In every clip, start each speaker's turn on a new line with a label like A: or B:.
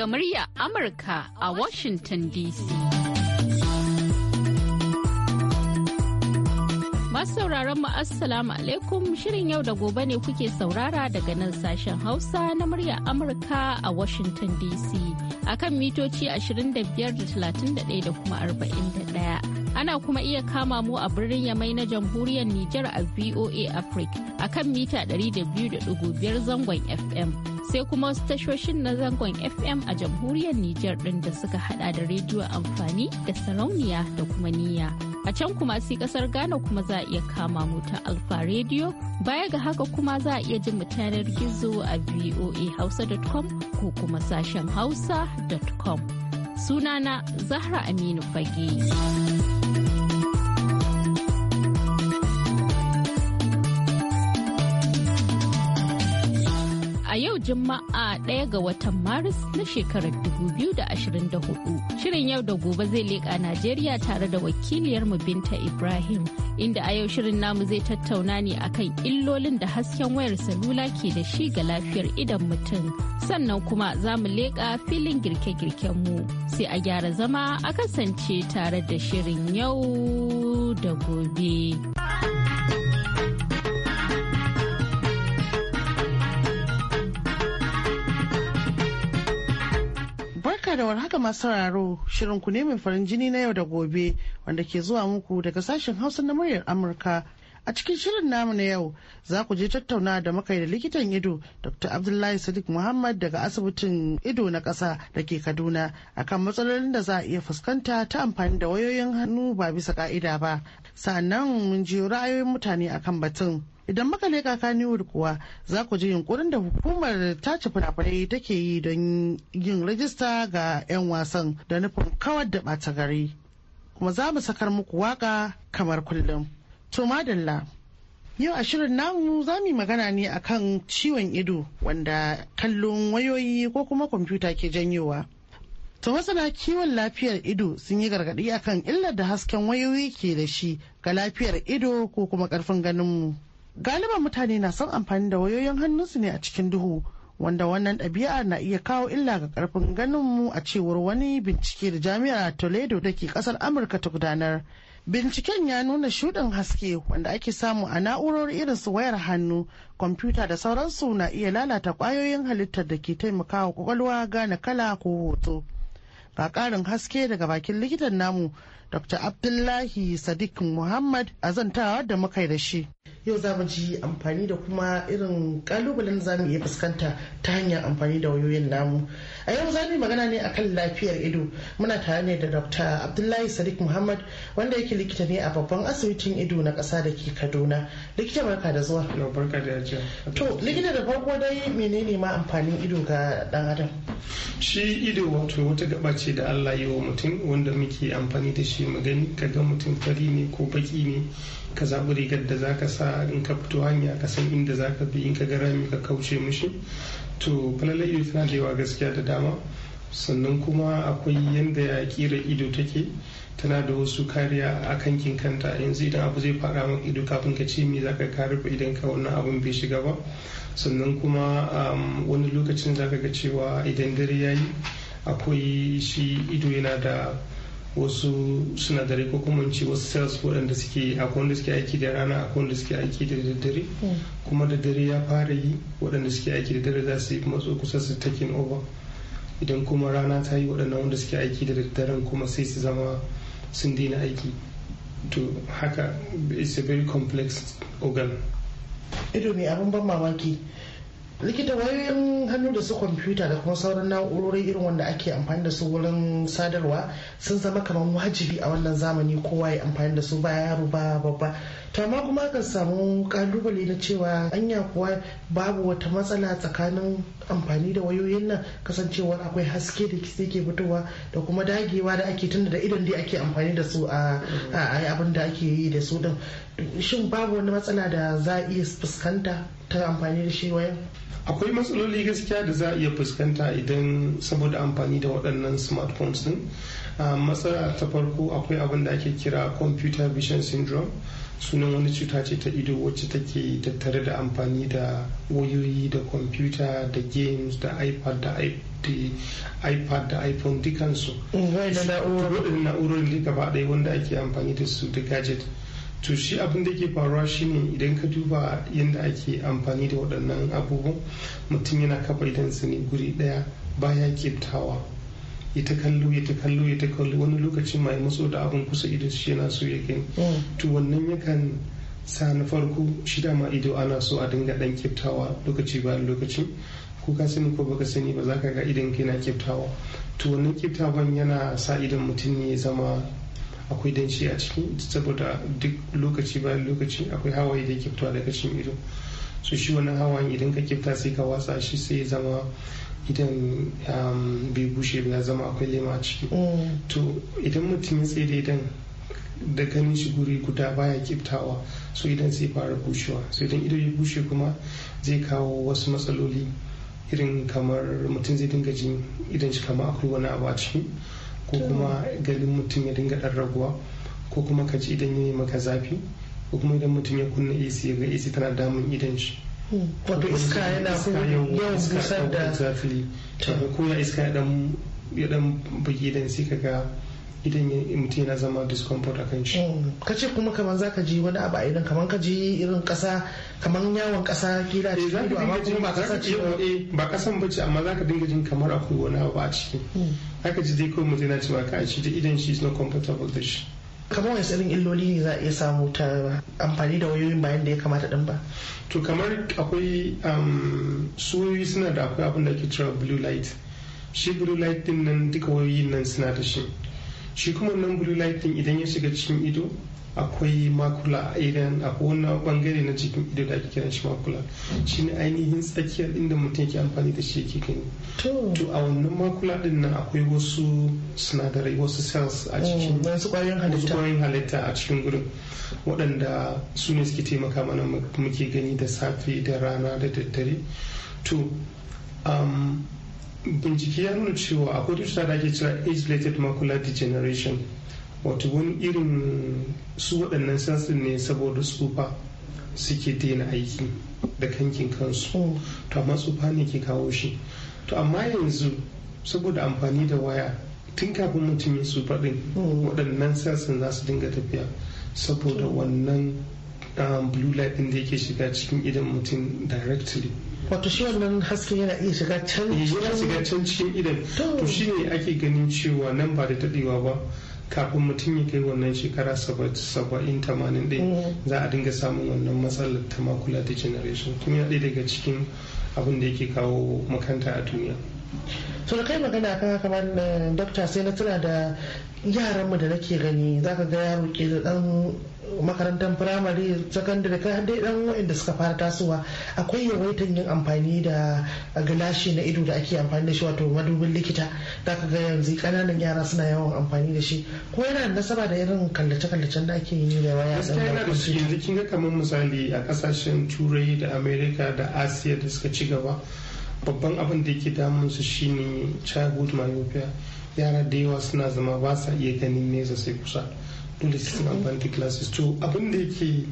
A: daga murya Amurka a Washington DC. Masu sauraron mu Assalamu alaikum shirin yau da gobe ne kuke saurara daga nan sashen Hausa na murya Amurka a Washington DC. akan mitoci 25 31 da kuma 41. ana kuma iya kama mu a birnin yamai na jamhuriyar Nijar a VOA Africa a kan mita 200.5 zangon FM sai kuma wasu tashoshin na zangon fm a jamhuriyar nijar ɗin da suka hada da rediyo amfani da sarauniya da kuma niyya a can kuma sai kasar ghana kuma za a iya kama mu ta alfa rediyo baya ga haka kuma za a iya jin mu yanar gizo a voahausa.com ko kuma sashen hausa.com sunana zahra aminu fage Juma'a ɗaya ga watan Maris na shekarar da ashirin 2024. Shirin yau da gobe zai leƙa Najeriya tare da wakiliyarmu Binta Ibrahim, inda a yau shirin namu zai tattauna ne akan illolin da hasken wayar salula ke da shi ga lafiyar idan mutum. Sannan kuma za mu leƙa filin girke-girkenmu. Sai a gyara zama a kasance tare da shirin yau da gobe.
B: da haka masu sauraro shirin ku ne mai farin jini na yau da gobe wanda ke zuwa muku daga sashen hausa na muryar amurka a cikin shirin namu na yau za ku je tattauna da makai da likitan ido dr abdullahi sadiq muhammad daga asibitin ido na ƙasa da ke kaduna akan matsalolin da za a iya fuskanta ta amfani da wayoyin hannu ba bisa ka'ida ba sannan mun ji ra'ayoyin mutane akan batun idan muka kaka kaniwood kuwa za ku ji yunkurin da hukumar tace fina-finai take yi don yin rajista ga 'yan wasan da nufin kawar da ɓata gari kuma za mu sakar muku waka kamar kullum to madalla Yau a shirin namu za mu yi magana ne akan ciwon ido wanda kallon wayoyi ko kuma kwamfuta ke janyowa. To masana kiwon lafiyar ido sun yi gargaɗi akan illar da hasken wayoyi ke da shi ga lafiyar ido ko kuma ƙarfin ganinmu. galiban mutane na son amfani da wayoyin hannunsu ne a cikin duhu wanda wannan ɗabi'a na iya kawo illa ga karfin ganinmu a cewar wani bincike da jami'ar toledo da ke ƙasar amurka ta gudanar binciken ya nuna shuɗin haske wanda ake samu a na'urori irin su wayar hannu kwamfuta da sauransu na iya lalata ƙwayoyin halittar da ke taimakawa kwakwalwa gane kala ko hoto ga ƙarin haske daga bakin likitan namu dr abdullahi sadiq muhammad a zantawa da muka da shi yau za mu ji amfani da kuma irin kalubalen da za mu iya fuskanta ta hanyar amfani da wayoyin namu a yau za mu magana ne akan lafiyar ido muna tare ne da dr abdullahi sadiq muhammad wanda yake likita ne a babban asibitin ido na kasa da ke kaduna likita barka da zuwa to likita da farko dai
C: menene ma amfanin ido ga dan adam shi ido wato wata gaba ce da allah yi wa mutum wanda muke amfani da shi mu gani kaga mutum fari ne ko baki ne ka zaɓi rigar da za ka sa in ka fito hanya ka san inda za ka bi in ka gara ka kauce mishi to falala ido tana da yawa gaskiya da dama sannan kuma akwai yadda ya kira ido take tana da wasu kariya a kankin kanta yanzu idan abu zai faɗa maka ido kafin ka ce me za ka kare idan ka wannan abun bai shiga ba sannan kuma wani lokacin za ka ga cewa idan dare ya yi akwai shi ido yana da wasu sinadarai ko kuma ci wasu cells waɗanda suke akwai wanda suke aiki da rana akwai wanda suke aiki da daddare hmm. kuma da dare ya fara yi waɗanda suke aiki da dare za su yi matso kusa su taking over idan kuma rana ta yi waɗanda wanda suke aiki da daddaren kuma sai su zama sun daina aiki to haka it's a very complex organ ido mai abin ban mamaki
B: likita wayoyin hannu da su kwamfuta da kuma sauran na'urorin irin wanda ake amfani da su wurin sadarwa sun zama kamar wajibi a wannan zamani kowa ya amfani da su ba yaro ba babba ta amma kuma kan samu kalubale na cewa anya kuwa babu wata matsala tsakanin amfani da wayoyin nan kasancewar akwai haske da kitse ke fitowa da kuma dagewa da ake tunda da idan dai ake amfani da su a abin da ake yi da su din shin babu wani matsala da za a iya fuskanta ta amfani da shi wayan
C: akwai matsaloli gaskiya da za a iya fuskanta idan saboda amfani da waɗannan smartphones din ah, matsala ta farko akwai abin da ake kira computer vision syndrome sunan wani cuta ce ta ido wacce take tattare da amfani da wayoyi da kwamfuta da games da ipad da ipad da iphone dukansu mm, waɗannan na'urorin gaba ɗaya wanda ake amfani da su da gadget to shi abin da ke faruwa shine idan ka duba yadda ake amfani da waɗannan abubuwan mutum yana kafa idan su ne guri ɗaya baya kiftawa ya ta kallo ya ta kallo ya ta kallo wani lokaci mai maso da abin kusa idan shi yana so ya gani hmm. to wannan yakan sa na farko shi ma ido ana so a dinga dan kiftawa lokaci bayan lokaci ko ka sani ko baka sani ba za ka ga idan kai na kiftawa to wannan kiftawan yana sa idan mutum ne ya zama akwai danshi a ciki saboda duk lokaci bayan lokaci akwai hawaye da kiftawa daga cikin ido so shi wannan hawayen idan ka kifta sai ka watsa shi sai ya zama idan um, bai bushe ba ya zama akwai lema a ciki mm. to idan mutum ya tsaye da idan da ganin shi guri guda baya kiftawa so idan sai fara bushewa so idan ido ya bushe kuma zai kawo wasu matsaloli irin kamar mutum zai dinga jin idan shi kamar akwai wani abu a ciki ko kuma galin mutum ya dinga dan raguwa ko kuma ka ji idan ya yi maka zafi ko kuma idan mutum ya kunna AC ya ga AC tana damun idan shi
B: Wato iska yana yawan busar da
C: zafi ko ya iska ya dan ya dan bugi dan sai kaga idan mutum yana zama discomfort a kan shi. Mm, ka ce kuma kamar zaka ji wani abu a idan kamar ka ji irin kasa kamar yawon kasa kila eh, ce amma kuma ba kasa ce ba kasan ba amma zaka dinga jin kamar akwai wani abu a ciki. Mm. Za ka ji dai kawai mutum yana cewa ka shi da idan shi is not comfortable da shi. kamar wani irin illoli ne za a iya samu ta amfani da wayoyin bayan da ya kamata din ba to kamar akwai um, soyoyi suna da akwai abin da ke cewa blue light shi blue light din nan duka wayoyin nan suna da shi shi kuma nan blue light din idan ya shiga cikin ido akwai makula idan a wani bangare na cikin ido da ake kiran shi makula shine ainihin tsakiyar inda mutum yake amfani da shi yake gani to a wannan makula din nan akwai wasu sinadarai wasu cells a mm, cikin wasu kwayoyin halitta a cikin gurin waɗanda su ne suke taimaka mana muke gani da safe da rana da daddare to bincike ya nuna cewa akwai cuta da ake cewa age related macular degeneration wato wani irin su waɗannan sansin ne saboda tsufa suke daina aiki da kankin kansu oh. to amma tsufa ne ke kawo shi to amma yanzu saboda amfani da waya tun kafin mutum ya tsufa ɗin oh. waɗannan sansin za su dinga tafiya saboda oh. wannan um, blue light ɗin da yake shiga cikin idan mutum directly wato shi wannan haske yana iya shiga can eh, cikin idan to shi ne ake ganin cewa nan ba da taɗewa ba kafin mutum ya kai wannan shekara saba'in tamanin ɗin mm. za a dinga samun wannan matsalar ta macular degeneration kuma ya ɗaya daga cikin abin da yake kawo makanta a duniya
B: so da kai magana kan haka kamar eh, dokta sai na tuna da mu da nake gani zaka ga yaro ke da dan makarantar firamare sakandare ka dai dan waɗanda suka fara tasowa akwai yawaitan yin amfani da gilashi na ido da ake amfani da shi wato madubin likita za ka ga yanzu kananan yara suna yawan amfani da shi ko yana da nasaba da irin kallace-kallacen da ake yi da waya da yanzu
C: kin ga kamar misali a kasashen turai da america da asiya da suka ci gaba babban abin da yake damun su shine childhood myopia yara da yawa suna zama ba sa iya ganin nesa sai kusa dole su sun amfani da glasses to abin da yake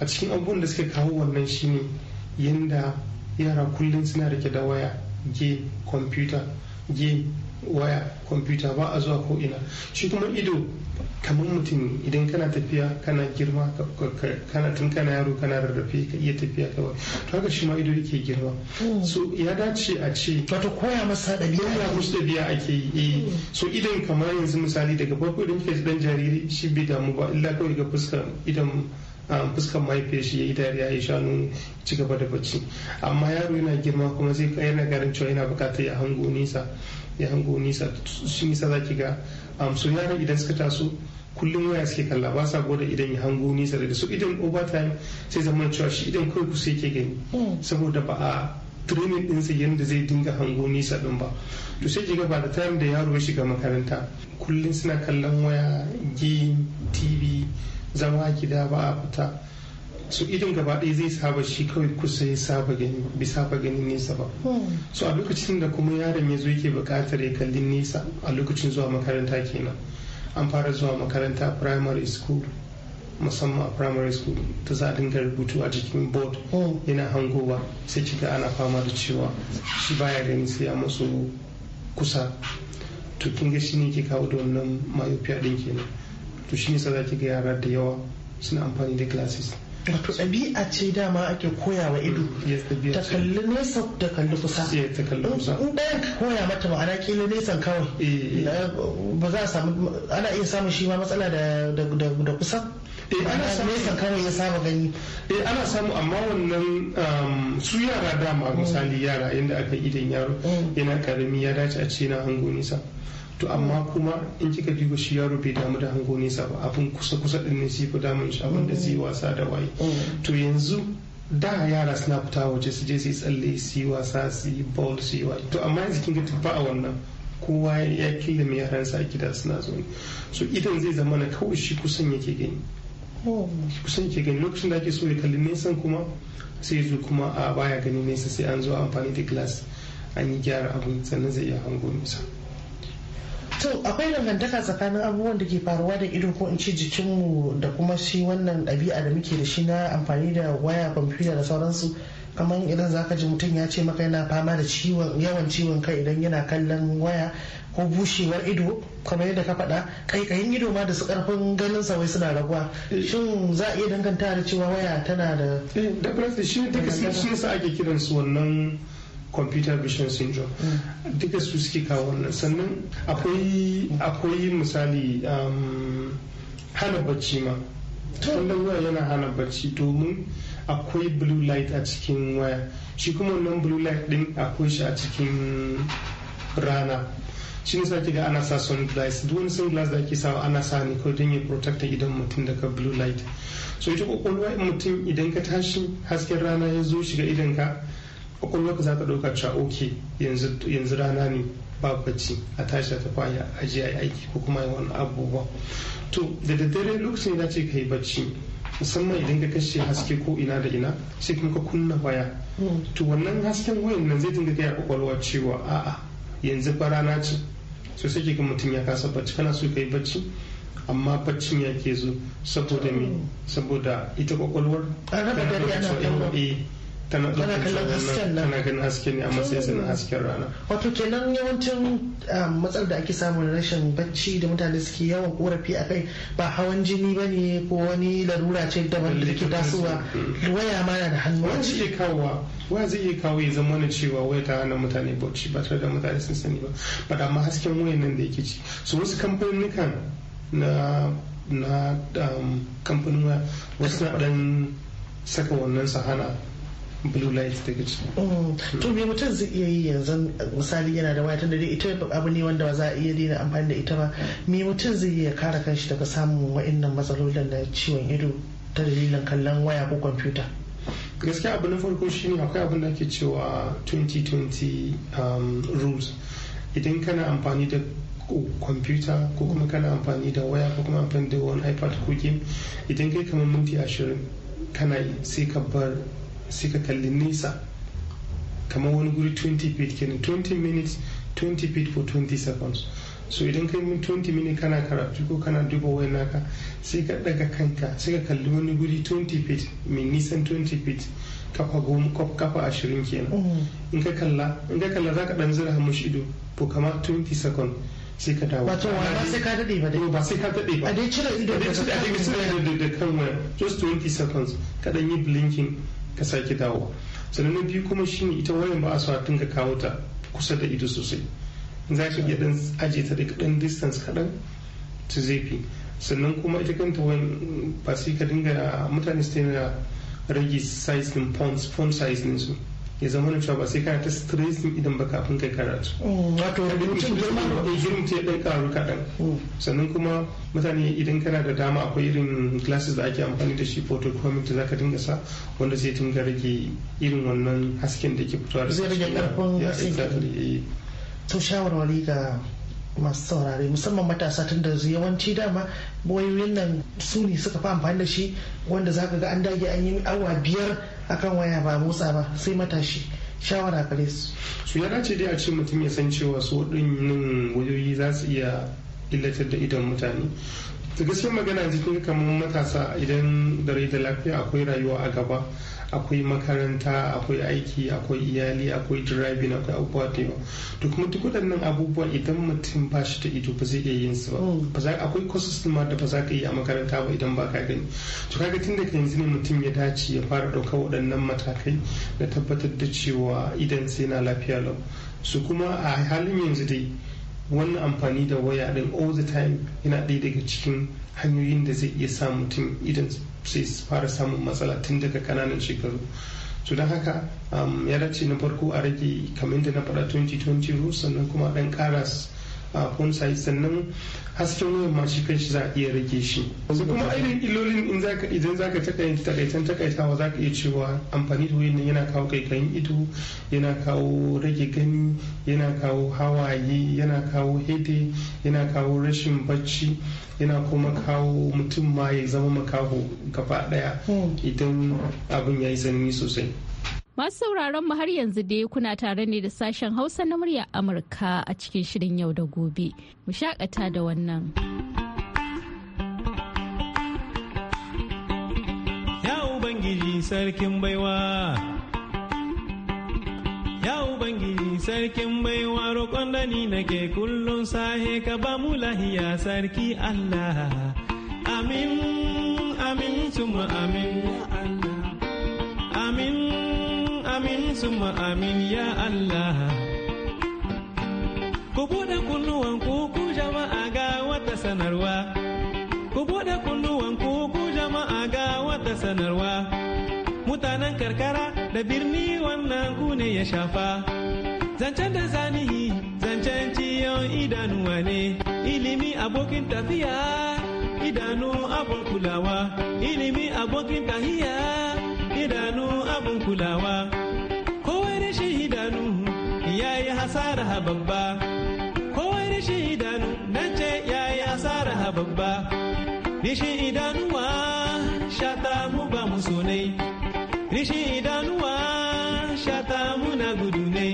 C: a cikin abubuwan da suka kawo wannan shine yanda yara kullum suna rike da waya game computer game waya computer ba a zuwa ko ina shi kuma ido kamar mutum idan kana tafiya kana girma kana tun kana yaro kana rarrafe ka iya tafiya kawai to haka shi ma ido yake girma hmm. so ya dace a ce wato koya masa dabi'a koya musu dabi'a ake yi eh, hmm. so idan kamar yanzu misali daga farko idan kika dan jariri shi bai damu ba illa kawai daga fuskar idan ah, fuskar mahaifiyar shi ya yi dariya ya shanu ci gaba da bacci amma yaro yana girma kuma zai kai yana garin cewa yana bukatar ya hango nisa ya hango nisa shi nisa za ki ga ah, so yaran idan suka taso kullum waya suke kalla ba sa gwada idan ya hango nisa daga su idan time sai zama cewa shi idan kawai kusa yake gani hmm. saboda ba a training dinsa yadda zai dinga hango nisa din ba to sai jiga ba da time da yaro ya shiga makaranta kullum suna kallon waya game tv zama gida ba a fita su idan gaba ɗaya zai saba shi kawai kusa ya saba gani bai saba ganin nesa ba hmm. so a lokacin da kuma yaron ya zo yake buƙatar ya kalli nesa a lokacin zuwa makaranta kenan an fara zuwa makaranta primary school musamman a primary school ta za dinga rubutu a jikin board hmm. yana hangowa sai kika ana fama da cewa shi baya gani sai ya masu kusa to kin ga shine ke kawo da wannan myopia din kenan to shine sa za ga yara da yawa suna amfani da glasses wato ɗabi'a ce dama ake koya wa ido ta kalli nesa da kalli
B: kusa in ɗaya ka koya mata ma'ana kila nesan kawai eh, eh. ba za
C: a samu ana iya samun shi ma matsala da kusa E ana samu amma wannan um, su yara dama mm. misali yara inda aka idan yaro mm. yana karami ya dace a ce na hango nisa to amma kuma in kika duba shi yaro bai damu da hango nesa ba abin kusa kusa din ne shi ko damun shi abin da zai wasa da waye to yanzu da yara suna fita waje su je su tsalle su yi wasa su yi ball su yi waye to amma yanzu kin ga tuffa a wannan kowa ya killame yaransa sa gida suna zo so idan zai zama na kawai shi kusan yake gani kusan ke gani lokacin da ake so ya kalli nesan kuma sai zo kuma a baya gani nesa sai an zo amfani da glass an yi gyara abun sannan zai iya hango nesa.
B: to akwai dangantaka tsakanin abubuwan da ke faruwa da ido ko in ce jikinmu da kuma shi wannan ɗabi'a da muke da shi na amfani da waya kwamfuta da sauransu kamar idan zaka ji mutum ya ce maka yana fama da yawan ciwon kai idan yana kallon waya ko bushewar ido kamar yadda ka faɗa kaikayin ido ma da su ƙarfin ganin sa wai suna raguwa eh. shin za a iya danganta da cewa waya tana da eh,
C: da shi ta shi yasa ake kiran wannan computer vision syndrome mm. duka su suke kawo wannan sannan akwai misali um, hana bacci ma wannan waya yana hana bacci domin akwai blue light a cikin waya shi kuma wannan blue light din akwai shi a cikin rana shi nisa ke ga ana sa sunglass duk wani sunglass da ake sawa ana sa ne ko don ya protecta idan mutum daga blue light so ita kwakwalwa mutum idan ka tashi hasken rana ya zo shiga idan ka kwakwalwarka za ta ɗauka cewa ok yanzu rana ne ba bacci a tashi ta kwaya a je aiki ko kuma wani abubuwa to da daddare lokacin da ce ka yi bacci musamman idan ka kashe haske ko ina da ina sai kuma ka kunna waya mm. to wannan hasken wayan nan zai dinga gaya kwakwalwa cewa a'a yanzu fa rana ce so sai ka mutum ya kasa bacci kana so ka yi bacci amma baccin ya ke zo saboda me mm. saboda ita kwakwalwar tana nan ganin haske ne a matsayin hasken rana
B: wato kenan yawancin ah, matsal da ake samun rashin bacci da mutane suke yawan korafi a kai ba hawan jini ba ne ko wani larura ce daban da
C: ke tasowa waya ma na da hannu wani zai iya kawowa waya zai iya kawo ya zama na cewa waya ta hana mutane bacci ba tare da mutane sun sani ba ba da amma hasken wayan nan da yake ci so wasu kamfanin na na um, kamfanin wasu na dan saka wannan sahana blue light da mm. to me
B: mutum zai iya yi yanzu misali yana da waya da dai ita abu ne wanda ba za a iya daina amfani da ita ba me mutum zai iya kare kanshi daga samun wa'annan matsalolin da ciwon ido ta dalilin
C: kallon waya ko kwamfuta. gaskiya abu na farko shine akwai abin da ake cewa 2020 um, rules idan kana amfani da kwamfuta ko kuma kana amfani da waya ko kuma amfani da wani ipad ko game idan kai kamar minti ashirin kana sai ka bar suka kalli nisa kamar wani guri 20 feet kenan 20 minutes 20 feet for 20 seconds so idan kai mun 20 minutes kana karatu ko kana duba wayan naka sai ka daga kanka sai ka kalli wani guri 20 feet mai nisan 20 feet kafa goma kafa ashirin kenan
D: mm-hmm.
C: in ka kalla in ka kalla zaka dan zira mushi ido ko kama 20 second sai ka dawo wato ba sai ka dade ba dai ba sai ka dade ba a dai cire ido da kan waya just 20 seconds ka dan yi blinking ka sake dawo sannan na biyu kuma shine ita wayan ba a so tun dinga kawo ta kusa da ido sosai za ka iya dan aje ta daga dan distance kaɗan ta zai sannan kuma ita kanta wayan mm, ba sai ka dinga mutane su rage size din pound size din su ya zama na cewa ba sai kana ta stressin idan ba kafin kai karatu.
D: Mm, wato rubutun girma ne. Girma
C: ce ɗan karu kaɗan. Mm. Sannan kuma mutane idan kana da dama akwai irin classes da ake amfani da shi photocomic da zaka dinga sa wanda zai dinga rage irin wannan hasken da ke fitowa. Zai rage ƙarfin hasken. Eh.
B: To shawarwari ga masu saurare musamman matasa tun da yawanci dama wayoyin nan su ne suka fi amfani da shi wanda za ka ga an
C: dage an yi awa biyar akan waya ba motsa ba sai matashi shawara gare su. su ya dace dai a ce mutum ya san cewa su waɗannan wayoyi za su iya illatar da idan mutane da gaskiyar magana jiki kamar matasa idan da rai da lafiya akwai rayuwa a gaba akwai makaranta akwai aiki akwai iyali akwai driving akwai abubuwa da yawa to kuma duk waɗannan abubuwa idan mutum ba shi da ido ba zai iya yin su ba mm. akwai courses ma da ba za ka yi a makaranta ba idan ba ka gani to kaga tun daga yanzu ne mutum ya dace ya fara ɗaukar waɗannan matakai da tabbatar da cewa idan sai na lafiya lau su kuma a halin yanzu dai wannan amfani da waya din all the time yana ɗaya daga cikin hanyoyin da zai iya sa mutum idan sai fara samun matsala tun daga kananan shekaru to don haka um, ya dace na farko a rage kamar da na faɗa 2020 sannan kuma ɗan karas a kunsa sannan hasken wayan ma shi za a iya rage shi da kuma irin illolin in idan zaka takaita takaitan takaitawa zaka iya cewa amfani da wayan yana kawo kaikayin ido yana kawo rage gani yana kawo hawaye yana kawo hede yana kawo rashin bacci yana kuma kawo mutum ma ya zama makaho gaba daya hmm. idan abin ya yi sanani sosai
A: Masu sauraron mu har yanzu dai kuna tare ne da sashen Hausa na murya Amurka a cikin shirin yau da gobe. Mu shakata da wannan.
D: Ya Ubangiji sarkin baiwa. Ya Ubangiji sarkin baiwa roƙon da nake kullum sahe ka ba mu lahiya sarki Allah. Amin, amin, tuma amin. Amin. amin summa amin ya Allah ku bude kunnuwan ku ku jama'a ga wata sanarwa ku bude kunnuwan ku jama'a ga wata sanarwa mutanen karkara da birni wannan ku ne ya shafa zancen da zanihi zancen ciyon idanuwa ne ilimi abokin tafiya idanu abun kulawa ilimi abokin tahiya idanu abun kulawa ya yi hasara hababba kowai rishi idanu nan ce ya yi hasara hababba rishi idanuwa shata mu ba mu sonai rishi idanuwa shata mu na gudu ne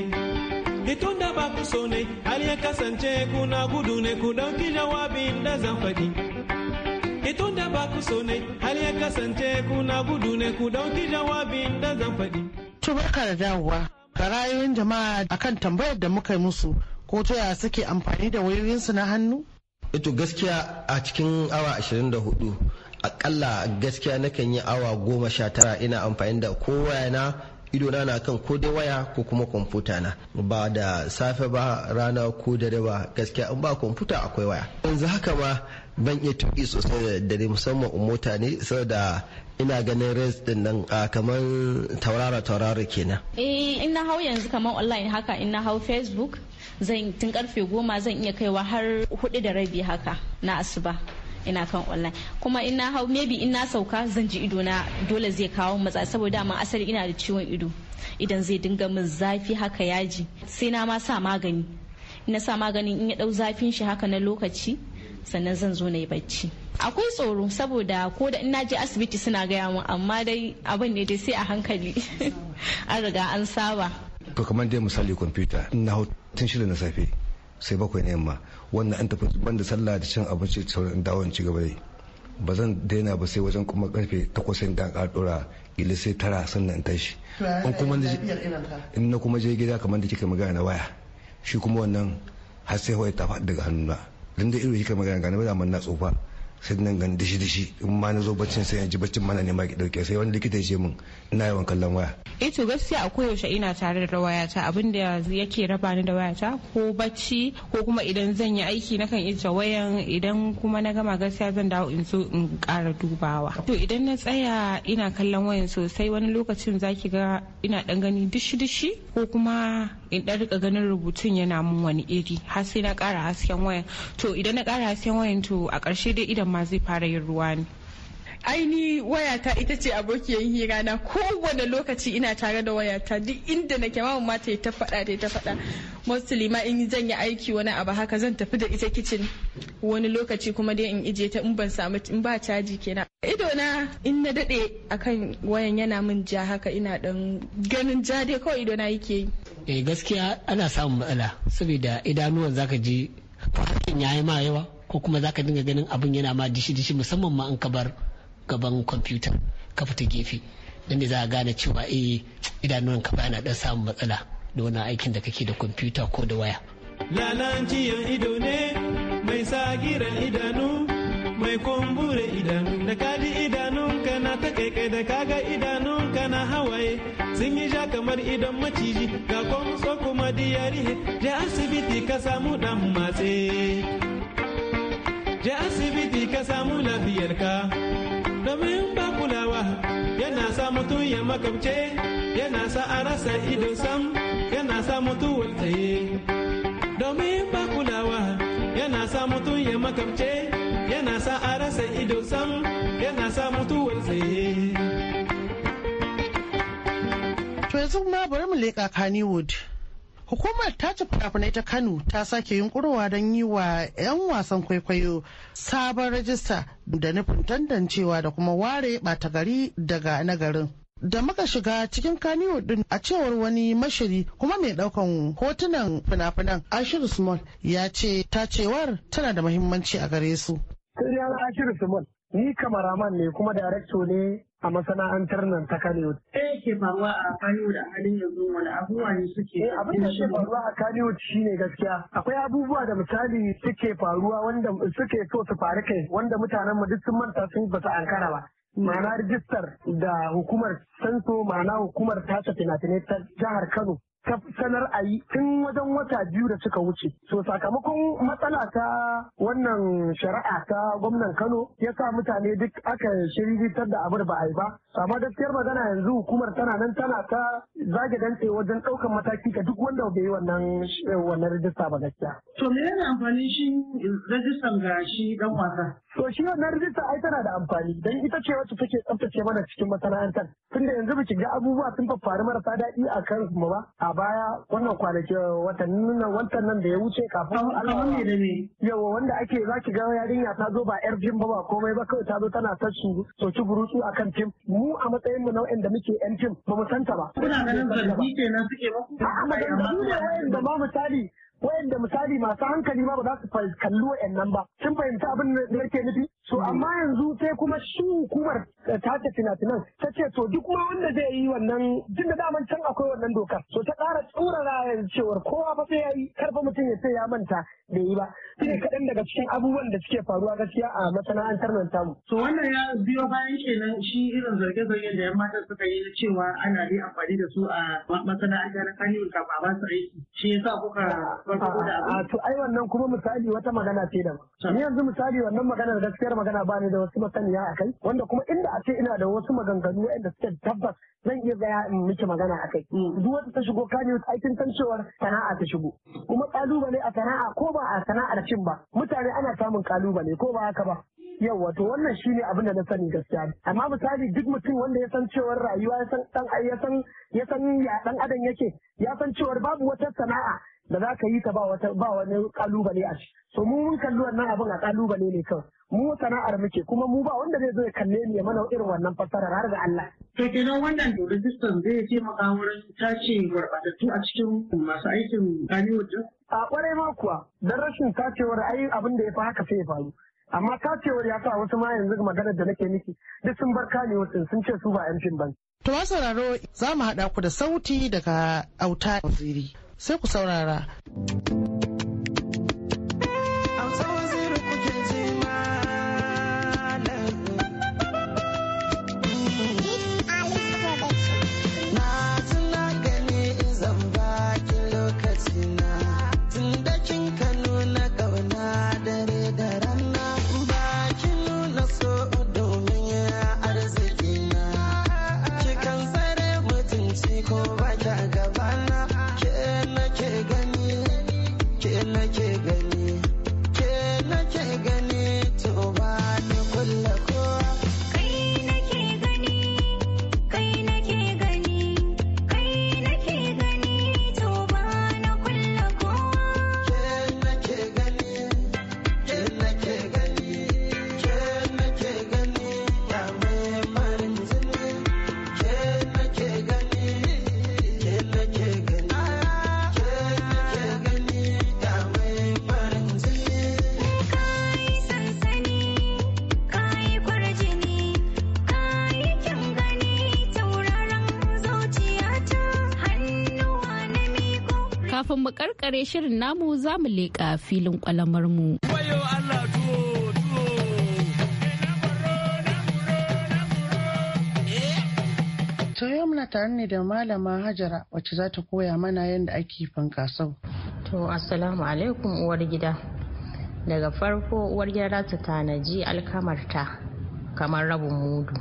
D: itun da ba ku so har ya kasance kuna gudu ne ku dauki jawabin da zan faɗi itun da ba ku so har ya kasance kuna gudu ne ku dauki jawabin da zan faɗi.
B: da dawowa ga rayuwar jama'a akan tambayar da muka yi musu ko ta yaya suke amfani da wayoyinsu na hannu?
E: Ito gaskiya a cikin awa 24 akalla gaskiya nakan yi awa goma
B: sha tara ina amfani da kowa na idona na kan ko dai waya ko kuma kwamfuta na ba da safe ba rana ko dare ba gaskiya in ba kwamfuta akwai waya yanzu haka
E: ma ban iya tuki sosai da dare musamman mota ne saboda ina ganin res din nan kamar taurara taurara kenan
A: eh ina hau yanzu kamar online haka ina hau facebook zan tun karfe goma zan iya kaiwa har hudu da rabi haka na asuba ina kan online kuma ina hau maybe ina sauka zan ji ido na dole zai kawo matsa saboda ma asali ina da ciwon ido idan zai dinga min zafi haka yaji sai na ma sa magani na sa maganin in ya dau zafin shi haka na lokaci sannan zan zo na yi bacci akwai tsoro saboda ko da ina je asibiti suna gaya mun amma dai abin ne dai sai a hankali an riga an saba
E: to kamar dai misali kwamfuta na hau tun shida na safe sai bakwai na yamma wannan an tafi banda sallah da cin abinci sauran dawon ci gaba dai ba zan daina ba sai wajen kuma karfe takwas sai dan ƙara dora ila sai tara sannan tashi in kuma in na kuma je gida kamar da kika magana na waya shi kuma wannan har sai waya ta faɗi daga hannuna dan da irin kika magana ga na da na tsofa sai nan gan dishi dishi in ma na zo baccin sai ji baccin mana ne ma ki dauke sai wani likita ya ce min ina yawan kallon waya
A: eh to gaskiya a koyaushe ina tare da wayata abin da yake raba ni da wayata ko bacci ko kuma idan zan yi aiki na kan ita wayan idan kuma na gama gaskiya zan dawo in so in kara dubawa to idan na tsaya ina kallon wayan sosai wani lokacin zaki ga ina dan gani dishi dishi ko kuma in dan rika ganin rubutun yana mun wani iri har sai na ƙara hasken wayan to idan na ƙara hasken wayan to a ƙarshe dai idan kuma zai fara yin ruwa ne aini wayata ita ce abokiyar hira na kowane lokaci ina tare da wayata duk inda na kema ma ta ta faɗa ta ta faɗa mostly ma in zan yi aiki wani abu haka zan tafi da ita kicin wani lokaci kuma dai in ije ta in ban samu in ba caji kenan ido na in na daɗe akan wayan yana min ja haka ina dan ganin ja dai kawai ido na yake yi
E: eh gaskiya ana samun matsala saboda idanuwan zaka ji hakan yayi ma yawa ko kuma za ka dinga ganin abin yana ma dishi-dishi musamman ma an ka bar gaban kwamfuta ka fita gefe nan da za a gane cewa eh idanuwan ka bana dan samun matsala da wani aikin da
A: kake da kwamfuta ko da waya.
D: Lalanciyan ido ne mai sagira idanu mai kumbure idanu da kaji idanun kana ta kai da kaga idanun na hawaye sun yi ja kamar idan maciji ga kwamso kuma diyari je asibiti ka samu dan matse. je asibiti ka samu lafiyarka domin ba kulawa yana sa mutum ya makabce yana sa a rasa ido sam yana sa mutum tsaye domin ba kulawa yana sa mutum ya makabce yana sa a rasa ido sam yana sa mutum tsaye
B: to yanzu ma bari mu leƙa Kannywood. Hukumar tace fina-finai ta Kano ta sake yunkurowa don yi wa 'yan wasan kwaikwayo sabon rajista da nufin tantancewa da kuma ware ɓata gari daga nagarin. da muka shiga cikin kaniyo din a cewar wani mashiri kuma mai daukan hotunan fina-finan ashir small ya ce tacewar tana da muhimmanci a gare
E: su. ni kamaraman ne kuma ne a masana'antar nan ta Kanewood. Me ke faruwa a Kanewood a halin yanzu wani abubuwa ne suke Eh abin da ke faruwa a shi shine gaskiya. Akwai abubuwa da misali suke faruwa wanda suke so su faru kai wanda mutanen mu duk sun manta sun basu ankara ba. ma'ana rijistar da hukumar sanso ma'ana hukumar tasa fina-finai ta jihar kano ta sanar a yi tun wajen wata biyu da suka wuce. So sakamakon matsala ta wannan shari'a ta gwamnan Kano ya sa mutane duk aka ta da abin ba a yi ba. Amma gaskiyar magana yanzu hukumar tana nan tana ta zage dantse wajen ɗaukan mataki ga duk wanda bai yi wannan wannan rijista ba gaskiya.
B: To me yana amfani shi rajistan ga shi
E: dan wasa? To shi wannan rijista ai tana da amfani dan ita ce wacce take tsaftace mana cikin masana'antar. Tunda yanzu biki ga abubuwa sun faru marasa daɗi a kan mu ba. baya wannan kwanaki watannin nan da ya wuce kafin alamun da ne yawa wanda ake za ki ga yarinya ta zo ba yar jin ba ba komai ba kawai ta zo tana ta su soki burutsu akan fim mu a matsayin mu na muke yan fim ba mu santa ba kuna ganin zargi kenan suke ba a maganganu ne da ba misali wayanda misali masu hankali ma ba za su kalli wayannan ba sun fahimci abin da yake nufi so hmm. amma yanzu sai kuma shi hukumar eh, tace fina-finan ta ce to duk ma wanda zai yi wannan tun da daman can akwai wannan dokar so ta ƙara tsorara cewar kowa ba sai ya yi karfa mutum ya ce ya manta bai yi ba shine kaɗan daga cikin abubuwan da suke faruwa gaskiya a masana'antar nan tamu. to wannan ya biyo bayan kenan shi irin zarge zarge da yan mata suka yi na cewa ana dai amfani da su a masana'antar kan kafin ba su aiki shi yasa kuka a to ai wannan kuma misali wata magana ce da ni yanzu misali wannan maganar gaskiyar magana ba ne da wasu masaniya a kai wanda kuma inda a ce ina da wasu maganganu wanda suke tabbas zan iya gaya in miki magana a kai hmm. duk wata ta shigo ka ne aikin san cewa sana'a ta shigo kuma kalubale a sana'a ko ba a sana'ar cin ba mutane ana samun kalubale ko ba haka ba Yau wato wannan shine abin da na sani gaskiya amma misali duk mutum wanda ya san cewar rayuwa ya san dan ya san ya dan adam yake ya san cewar babu wata sana'a da za ka yi ta ba wata ba wani kalubale a shi so mu mun kalli wannan abin a kalubale ne kan mu sana'ar muke kuma mu ba wanda zai zo ya kalle ni ya mana irin wannan fassarar har ga Allah to kenan wannan rajistan zai taimaka wurin tace gurbatattu a cikin masu aikin wajen? a kwarai ma kuwa dan rashin tacewar ai abin da ya fi haka sai ya faru amma tacewar ya sa wasu ma yanzu maganar da nake miki duk sun bar in sun ce su ba yan fim ban. To sauraro za mu haɗa ku da sauti daga auta ziri sai
B: ku saurara.
A: karkare shirin namu za mu leƙa filin kwalamar mu.
F: To yau muna tare ne da malama Hajara wacce za ta koya mana yadda ake fankasau. To assalamu alaikum uwar gida. Daga farko uwar gida za ta tanaji alkamarta kamar rabin mudu.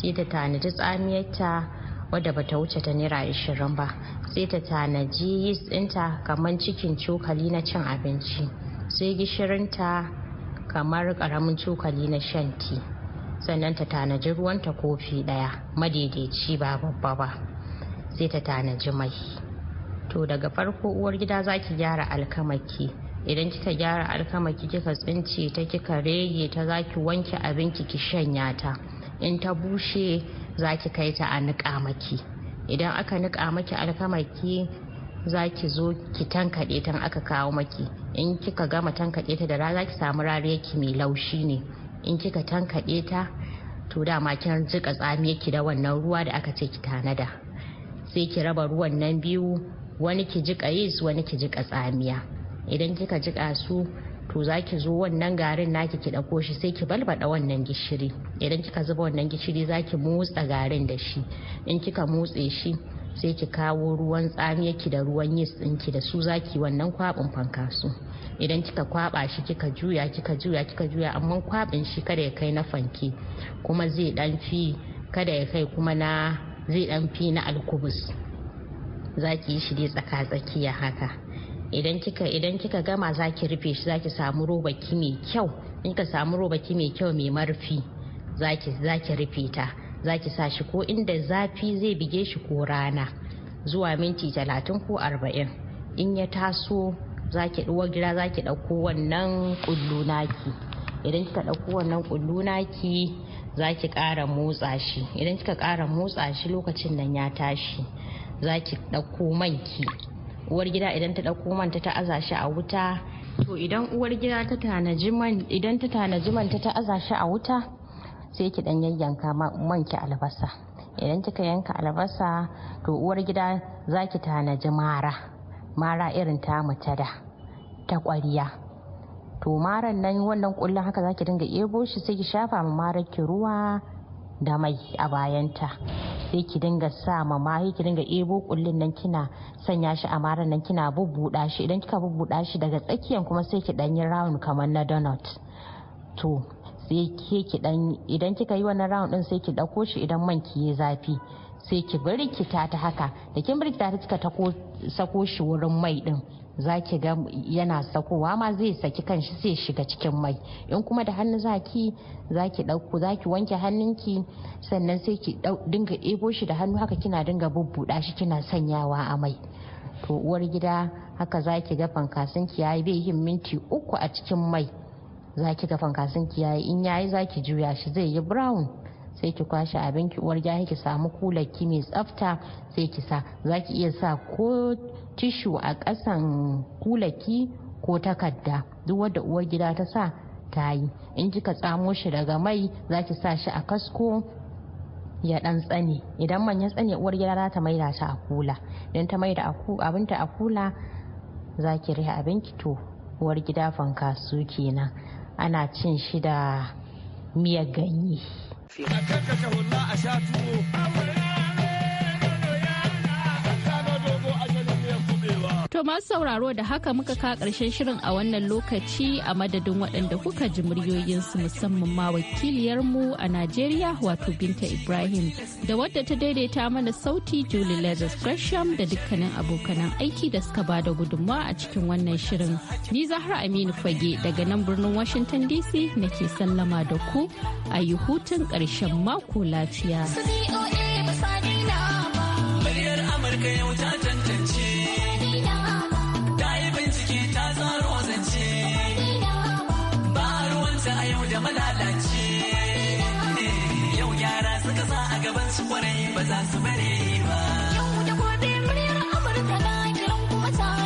F: Sai ta tanaji tsamiyarta wadda ta wuce ta naira ashirin ba sai ta tanaji yeast dinta kamar cikin cokali na cin abinci sai gishirinta kamar karamin cokali na shan ti sannan ta tanaji ruwanta kofi ɗaya madaidaici ba babba ba sai ta tanaji mai to daga farko uwar gida za ki gyara alkamaki idan kika gyara alkamaki kika tsince ta kika rege ta za ki wanke abinki ki shanya ta in ta bushe za ki kai ta a niƙa maki idan aka niƙa maki alkamaki za ki zo ki tankaɗe ta aka kawo maki in kika gama tankaɗe ta da rana za ki samu rariyarki mai laushi ne in kika tankaɗe ta to dama kin jika ki da wannan ruwa da aka ce ki tanada sai ki raba ruwan nan biyu wani ki jika yis wani ki jika tsamiya idan kika jiƙa su to za ki zo wannan garin naki ki ɗauko shi sai ki balbaɗa wannan gishiri idan kika zuba wannan gishiri za ki motsa garin da shi in kika motse shi sai ki kawo ruwan tsamiyarki da ruwan yis ɗinki da su ki wannan kwaɓin fankasu idan kika kwaɓa shi kika juya kika juya kika juya amma kwaɓin shi kada ya kai na fanke kuma zai ɗan fi kada ya kai kuma na zai ɗan fi na alkubus ki yi shi dai tsaka tsakiya haka idan kika idan kika gama zaki rufe shi zaki samu robaki mai kyau in ka samu robaki mai kyau mai marfi zaki zaki rufe ta zaki sa shi ko inda zafi zai bige shi ko rana zuwa minti talatin ko arba'in in ya taso zaki ɗuwa gida zaki ɗauko wannan ƙullu naki idan kika ɗauko wannan ƙullu naki zaki ƙara motsa shi idan kika ƙara motsa shi lokacin nan ya tashi zaki ɗauko manki uwar gida idan ta ɗauko manta ta aza shi a wuta to idan uwar gida ta tanaji man idan ta tanaji manta ta aza shi a wuta sai ki dan yayyanka man ki albasa idan kika yanka albasa to uwar gida za ki tanaji mara mara irin ta mutada ta ƙwariya to maran nan wannan kullun haka za ki dinga ebo shi sai ki shafa ma marar ki ruwa da mai a bayanta sai ki dinga sa ma ma ki dinga ebo kullin nan kina sanya shi a maran nan kina bubbuda shi idan kika bubbuda shi daga tsakiyan kuma sai ki dan yi round kamar na donut to sai ke ki dan idan kika yi wannan round din sai ki dauko shi idan man ki yi zafi sai ki ki ta haka da kin ki ta kika sako shi wurin mai din za ki ga yana sakowa ma zai saki kanshi sai shiga cikin mai in kuma da hannu zaki zaki dauko zaki wanke hannunki sannan sai ki dinga ɗebo shi da hannu haka kina dinga bubbuɗa shi kina sanyawa a mai to uwar gida haka zaki ga fankasinki yayi bai yin minti uku a cikin mai zaki ga fankasinki yayi in yayi zaki juya shi zai yi brown sai ki kwashe abinki uwar gida ki samu kular mai tsafta sai ki sa zaki iya sa ko tishu a ƙasan kulaki ko takarda duk wadda uwar gida ta sa ta yi in ka tsamo shi daga mai za ki sa shi a kasko ya dan tsane idan man ya tsane uwar gida za ta maida shi a kula idan ta maida abinta a kula za ki riha abinki to uwar gida su kenan ana cin shi da miyar ganye. masu
A: sauraro da haka muka ka ƙarshen shirin a wannan lokaci a madadin waɗanda kuka ji muryoyinsu musamman ma wakiliyarmu a Najeriya wato Binta Ibrahim da wadda ta daidaita mana sauti Julie Lazarus Gresham da dukkanin abokanan aiki da suka ba da gudunmawa a cikin wannan shirin. Ni Zahra Aminu Fage daga nan birnin Washington DC nake sallama da ku a yi hutun ƙarshen mako lafiya.
D: Amurka yau ta a gaban su kwarai ba za su bari ba. Yau da gobe muryar Amurka na